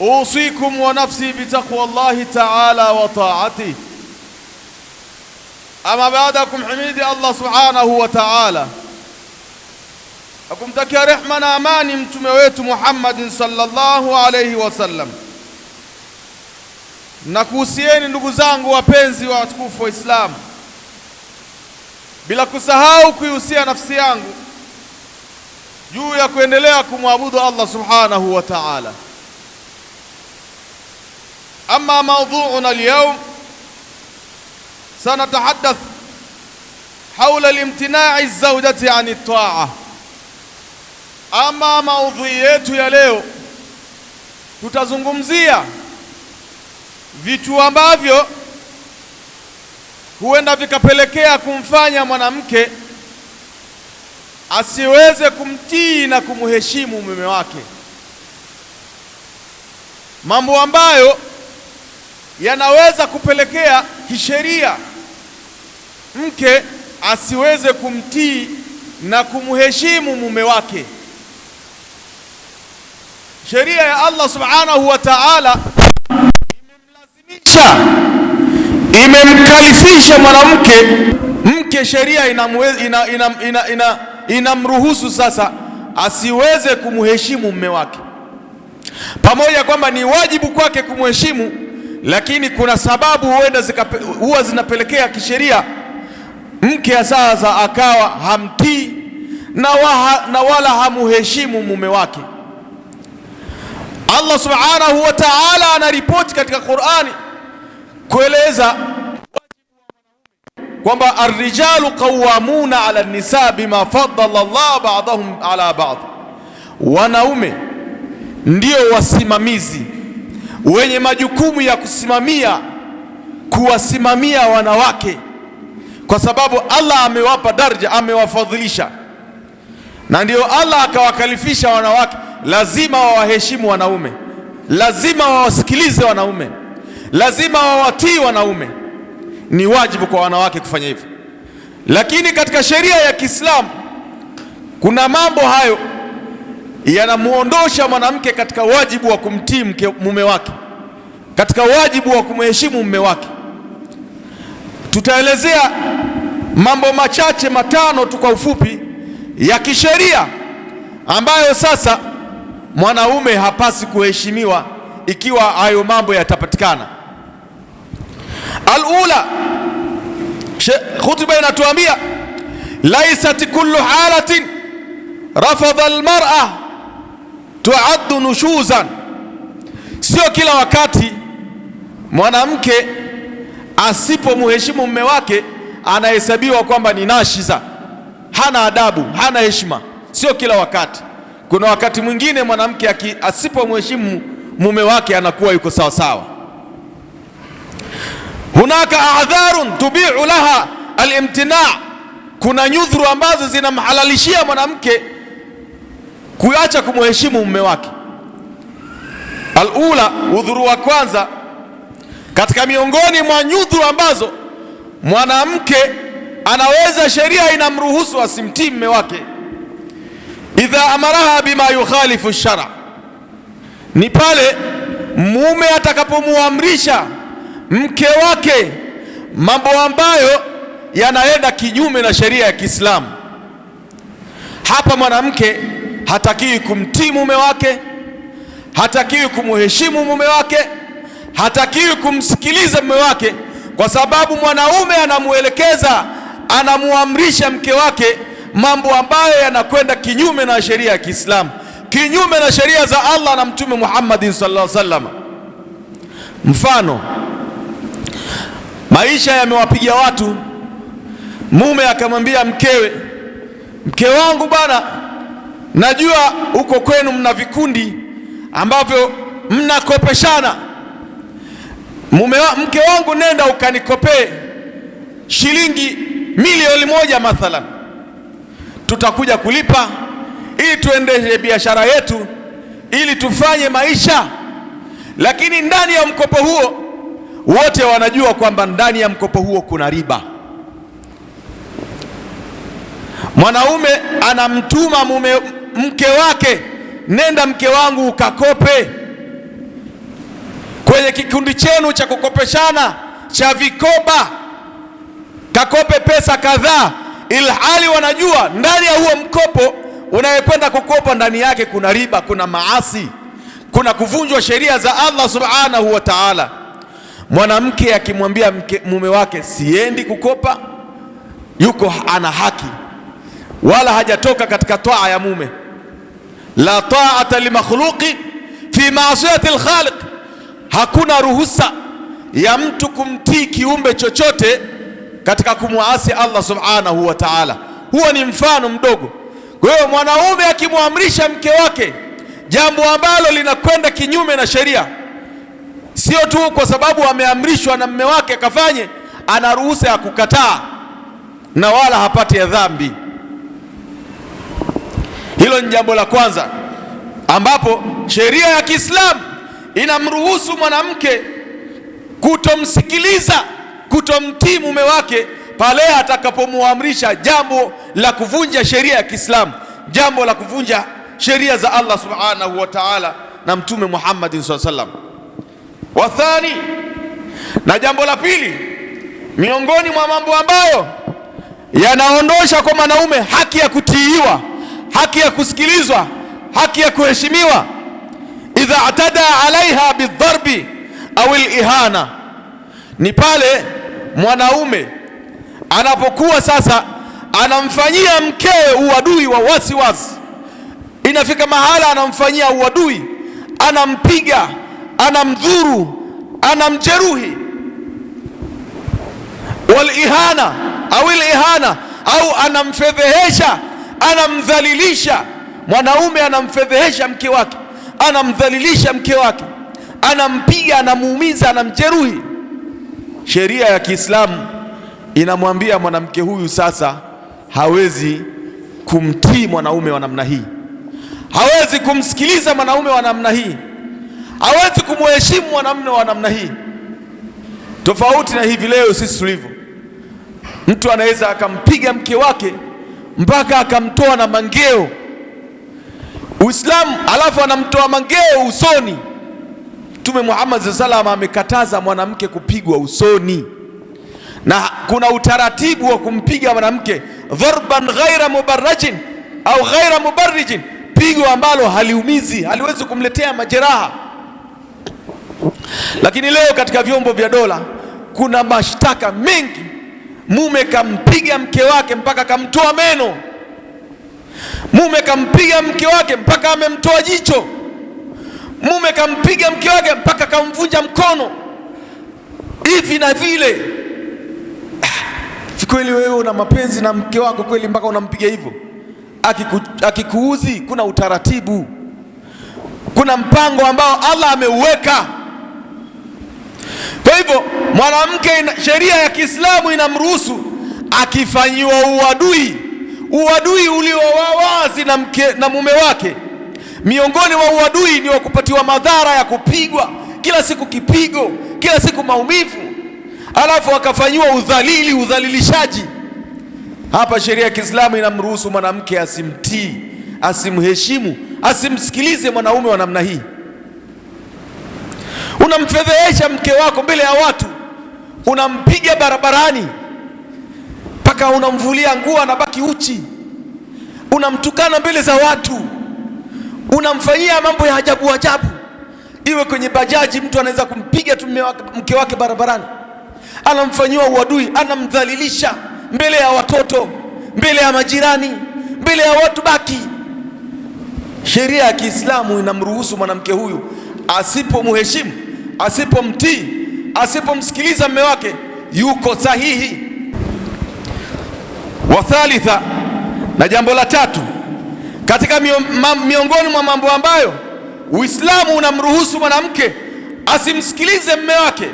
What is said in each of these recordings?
usikum wa nafsi bitaqwa llahi taala wa taatih. Ama baada ya kumhimidi Allah subhanahu wa taala na rehma na amani mtume wetu Muhammadin sallallahu alayhi wasallam, na kuhusieni ndugu zangu wapenzi wa watukufu wa Islamu, bila kusahau kuihusia nafsi yangu juu ya kuendelea kumwabudu Allah subhanahu wa taala. Ama موضوعنا اليوم سنتحدث haula limtinai الزوجة عن الطاعة Ama maudhui yetu ليو leo, tutazungumzia vitu ambavyo huenda vikapelekea kumfanya mwanamke asiweze kumtii na kumheshimu mume wake, mambo ambayo yanaweza kupelekea kisheria mke asiweze kumtii na kumheshimu mume wake. Sheria ya Allah subhanahu wa ta'ala imemlazimisha, imemkalifisha mwanamke mke, sheria inamruhusu ina, ina, ina, ina sasa asiweze kumheshimu mume wake, pamoja kwamba ni wajibu kwake kumheshimu lakini kuna sababu huenda huwa zinapelekea kisheria mke sasa akawa hamtii na, waha, na wala hamuheshimu mume wake. Allah subhanahu wa ta'ala anaripoti katika Qur'ani kueleza kwamba arrijalu qawwamuna ala nisa bima faddala Allah ba'dahum ala ba'd, wanaume ndio wasimamizi wenye majukumu ya kusimamia kuwasimamia wanawake, kwa sababu Allah amewapa daraja, amewafadhilisha, na ndio Allah akawakalifisha wanawake, lazima wawaheshimu wanaume, lazima wawasikilize wanaume, lazima wawatii wanaume. Ni wajibu kwa wanawake kufanya hivyo, lakini katika sheria ya Kiislamu kuna mambo hayo yanamwondosha mwanamke katika wajibu wa kumtii mume wake, katika wajibu wa kumheshimu mume wake. Tutaelezea mambo machache matano tu kwa ufupi ya kisheria ambayo sasa mwanaume hapasi kuheshimiwa ikiwa hayo mambo yatapatikana. Alula, khutba inatuambia laisat kullu halatin rafadha almar'a tuaddu nushuzan, sio kila wakati mwanamke asipomheshimu mume wake anahesabiwa kwamba ni nashiza, hana adabu, hana heshima. Sio kila wakati, kuna wakati mwingine mwanamke asipomheshimu mume wake anakuwa yuko sawasawa. Hunaka adharun tubiu laha alimtina, kuna nyudhuru ambazo zinamhalalishia mwanamke kuacha kumheshimu mume wake. Alula, udhuru wa kwanza katika miongoni mwa nyudhuru ambazo mwanamke anaweza sheria inamruhusu asimtii mume wake, idha amaraha bima yukhalifu shara, ni pale mume atakapomuamrisha mke wake mambo ambayo yanaenda kinyume na sheria ya Kiislamu. Hapa mwanamke hatakiwi kumtii mume wake, hatakiwi kumheshimu mume wake, hatakiwi kumsikiliza mume wake, kwa sababu mwanaume anamwelekeza, anamuamrisha mke wake mambo ambayo yanakwenda kinyume na sheria ya Kiislamu, kinyume na sheria za Allah na Mtume Muhammadin sallallahu alaihi wasallam. Mfano, maisha yamewapiga watu, mume akamwambia mkewe, mke wangu bwana Najua huko kwenu mna vikundi ambavyo mnakopeshana, mume wa, mke wangu nenda ukanikopee shilingi milioni moja mathalan, tutakuja kulipa ili tuendeshe biashara yetu, ili tufanye maisha. Lakini ndani ya mkopo huo wote wanajua kwamba ndani ya mkopo huo kuna riba. Mwanaume anamtuma mume mke wake, nenda mke wangu ukakope kwenye kikundi chenu cha kukopeshana cha vikoba, kakope pesa kadhaa, ilhali wanajua ndani ya huo mkopo unayekwenda kukopa ndani yake kuna riba, kuna maasi, kuna kuvunjwa sheria za Allah subhanahu wa ta'ala. Mwanamke akimwambia mume wake siendi kukopa, yuko ana haki wala hajatoka katika twaa ya mume la ta'ata limakhluqi fi ma'siyati al-khaliq, hakuna ruhusa ya mtu kumtii kiumbe chochote katika kumwasi Allah subhanahu wa ta'ala. Huo ni mfano mdogo. Kwa hiyo mwanaume akimwamrisha mke wake jambo ambalo linakwenda kinyume na sheria, sio tu kwa sababu ameamrishwa na mme wake akafanye, ana ruhusa ya kukataa na wala hapati ya dhambi. Hilo ni jambo la kwanza, ambapo sheria ya Kiislamu inamruhusu mwanamke kutomsikiliza, kutomtii mume wake pale atakapomuamrisha jambo la kuvunja sheria ya Kiislamu, jambo la kuvunja sheria za Allah subhanahu wa ta'ala na Mtume Muhammad sallallahu alaihi wasallam. Wa thani, na jambo la pili, miongoni mwa mambo ambayo yanaondosha kwa mwanaume haki ya kutiiwa haki ya kusikilizwa, haki ya kuheshimiwa. Idha atada alaiha bidharbi au lihana, ni pale mwanaume anapokuwa sasa anamfanyia mkewe uadui wa wasiwasi wasi. Inafika mahala anamfanyia uadui, anampiga, anamdhuru, anamjeruhi. Walihana au lihana, au anamfedhehesha anamdhalilisha mwanaume, anamfedhehesha mke wake, anamdhalilisha mke wake, anampiga, anamuumiza, anamjeruhi. Sheria ya Kiislamu inamwambia mwanamke huyu sasa hawezi kumtii mwanaume wa namna hii, hawezi kumsikiliza mwanaume wa namna hii, hawezi kumheshimu mwanamume wa namna hii. Tofauti na hivi leo sisi tulivyo, mtu anaweza akampiga mke wake mpaka akamtoa na mangeo Uislamu, alafu anamtoa mangeo usoni. Mtume Muhammad sallallahu amekataza mwanamke kupigwa usoni, na kuna utaratibu wa kumpiga mwanamke dharban ghaira mubarrajin au ghaira mubarrijin, pigo ambalo haliumizi, haliwezi kumletea majeraha. Lakini leo katika vyombo vya dola kuna mashtaka mengi mume kampiga mke wake mpaka kamtoa meno, mume kampiga mke wake mpaka amemtoa jicho, mume kampiga mke wake mpaka kamvunja mkono, hivi na vile. Kweli wewe una mapenzi na mke wako kweli mpaka unampiga hivyo? Akiku, akikuuzi kuna utaratibu, kuna mpango ambao Allah ameuweka. Kwa hivyo mwanamke, sheria ya Kiislamu inamruhusu akifanyiwa uadui, uadui wazi na mke, na mume wake. Miongoni mwa uadui ni wa kupatiwa madhara ya kupigwa kila siku, kipigo kila siku, maumivu, alafu akafanyiwa udhalili, udhalilishaji. Hapa sheria ya Kiislamu inamruhusu mwanamke asimtii, asimheshimu, asimsikilize mwanaume wa namna hii unamfedhehesha mke wako mbele ya watu, unampiga barabarani mpaka unamvulia nguo anabaki uchi, unamtukana mbele za watu, unamfanyia mambo ya ajabu ajabu. Iwe kwenye bajaji, mtu anaweza kumpiga tu mke wake barabarani, anamfanyiwa uadui, anamdhalilisha mbele ya watoto, mbele ya majirani, mbele ya watu baki. Sheria ya Kiislamu inamruhusu mwanamke huyu asipomheshimu asipomtii, asipomsikiliza mme wake yuko sahihi. Wa thalitha, na jambo la tatu katika miongoni mwa mambo ambayo Uislamu unamruhusu mwanamke asimsikilize mme wake,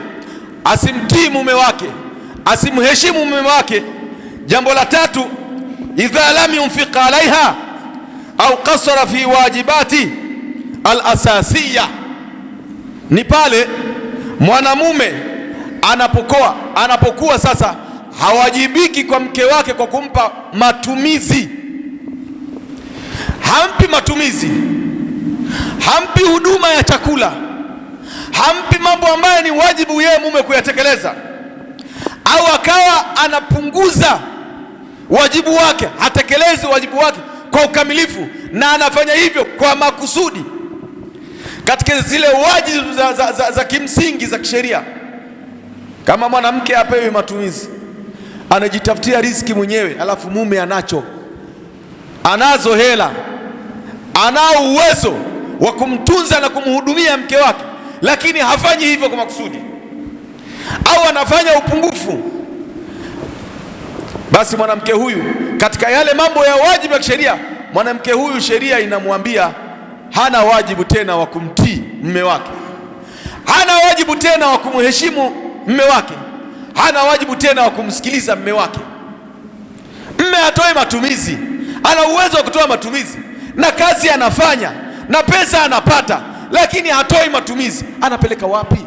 asimtii mume wake, asimheshimu mume wake. Jambo la tatu, idha lam yunfiq alaiha au kasara fi wajibati alasasiyah ni pale mwanamume anapokoa anapokuwa sasa hawajibiki kwa mke wake kwa kumpa matumizi, hampi matumizi, hampi huduma ya chakula, hampi mambo ambayo ni wajibu yeye mume kuyatekeleza, au akawa anapunguza wajibu wake, hatekelezi wajibu wake kwa ukamilifu, na anafanya hivyo kwa makusudi katika zile wajibu za, za, za, za kimsingi za kisheria. Kama mwanamke apewi matumizi, anajitafutia riziki mwenyewe, alafu mume anacho, anazo hela, anao uwezo wa kumtunza na kumhudumia mke wake, lakini hafanyi hivyo kwa makusudi, au anafanya upungufu, basi mwanamke huyu katika yale mambo ya wajibu ya kisheria, mwanamke huyu sheria inamwambia hana wajibu tena wa kumtii mme wake, hana wajibu tena wa kumheshimu mme wake, hana wajibu tena wa kumsikiliza mme wake. Mme atoe matumizi, ana uwezo wa kutoa matumizi, na kazi anafanya na pesa anapata, lakini hatoi matumizi. Anapeleka wapi?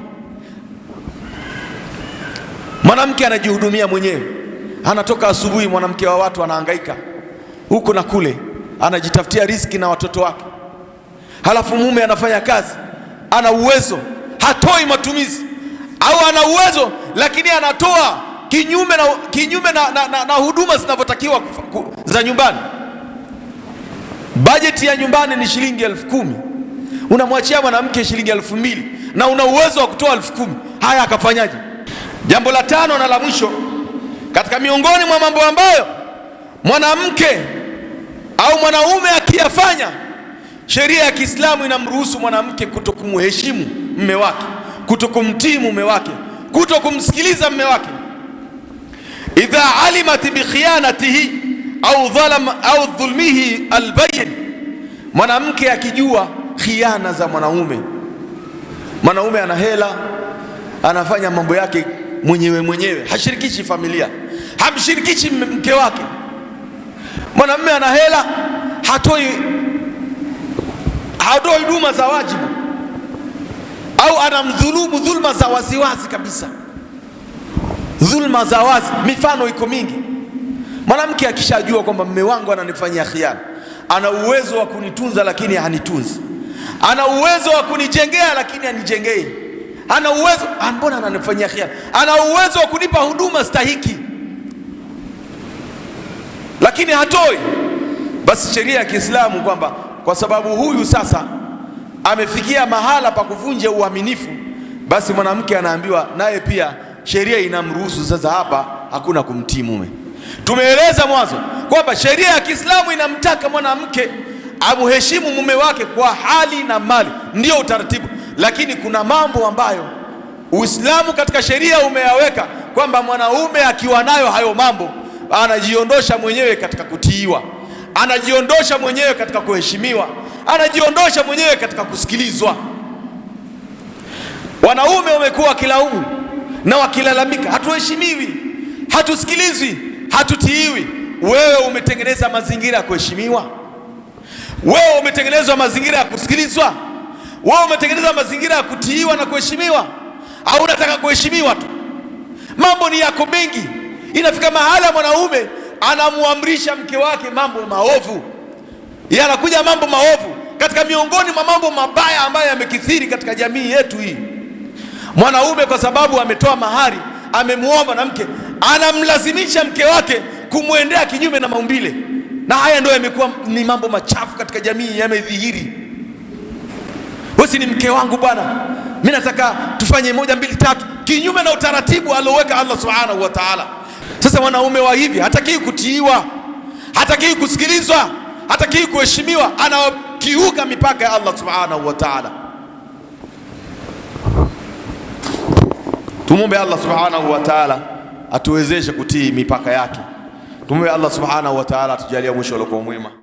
Mwanamke anajihudumia mwenyewe, anatoka asubuhi, mwanamke wa watu anahangaika huku na kule, anajitafutia riziki na watoto wake halafu mume anafanya kazi, ana uwezo hatoi matumizi, au ana uwezo lakini anatoa kinyume na, kinyume na, na, na, na huduma zinavyotakiwa za nyumbani. Bajeti ya nyumbani ni shilingi elfu kumi unamwachia mwanamke shilingi elfu mbili na una uwezo wa kutoa elfu kumi Haya, akafanyaje? Jambo la tano na la mwisho katika miongoni mwa mambo ambayo mwanamke au mwanaume akiyafanya Sheria ya Kiislamu inamruhusu mwanamke kuto kumheshimu mme wake, kuto kumtii mume wake, kuto kumsikiliza mme wake. idha alimat bikhianatihi au dhalam au dhulmihi albayin, mwanamke akijua khiana za mwanaume. Mwanaume ana hela, anafanya mambo yake mwenyewe mwenyewe, hashirikishi familia, hamshirikishi mke wake. Mwanamume ana hela, hatoi hatoi huduma za wajibu au anamdhulumu dhulma za waziwazi kabisa, dhulma za wazi. Mifano iko mingi. Mwanamke akishajua kwamba mume wangu ananifanyia khiana, ana uwezo wa kunitunza lakini hanitunzi, ana uwezo wa kunijengea lakini hanijengei, ana uwezo ah, mbona ananifanyia khiana, ana uwezo wa kunipa huduma stahiki lakini hatoi, basi sheria ya Kiislamu kwamba kwa sababu huyu sasa amefikia mahala pa kuvunja uaminifu, basi mwanamke anaambiwa naye pia sheria inamruhusu sasa. Hapa hakuna kumtii mume. Tumeeleza mwanzo kwamba sheria ya Kiislamu inamtaka mwanamke amheshimu mume wake kwa hali na mali, ndio utaratibu. Lakini kuna mambo ambayo Uislamu katika sheria umeyaweka kwamba mwanaume akiwa nayo hayo mambo anajiondosha mwenyewe katika kutiiwa anajiondosha mwenyewe katika kuheshimiwa, anajiondosha mwenyewe katika kusikilizwa. Wanaume wamekuwa wakilaumu na wakilalamika, hatuheshimiwi, hatusikilizwi, hatutiiwi. Wewe umetengeneza mazingira ya kuheshimiwa? Wewe umetengenezwa mazingira ya kusikilizwa? Wewe umetengeneza mazingira ya kutiiwa na kuheshimiwa, au unataka kuheshimiwa tu? Mambo ni yako mengi, inafika mahala mwanaume anamuamrisha mke wake mambo maovu, yanakuja mambo maovu katika miongoni mwa mambo mabaya ambayo yamekithiri katika jamii yetu hii. Mwanaume kwa sababu ametoa mahari, amemuomba na mke, anamlazimisha mke wake kumwendea kinyume na maumbile, na haya ndio yamekuwa ni mambo machafu katika jamii, yamedhihiri. Wesi ni mke wangu bwana, mimi nataka tufanye moja mbili tatu, kinyume na utaratibu alioweka Allah subhanahu wa ta'ala. Sasa wanaume wa hivi hatakii kutiiwa, hatakii kusikilizwa, hatakii kuheshimiwa, anakiuka mipaka ya Allah subhanahu wa ta'ala. Tumombe Allah subhanahu wa ta'ala atuwezeshe kutii mipaka yake. Tumombe Allah subhanahu wa ta'ala atujalie mwisho uliokuwa mwema.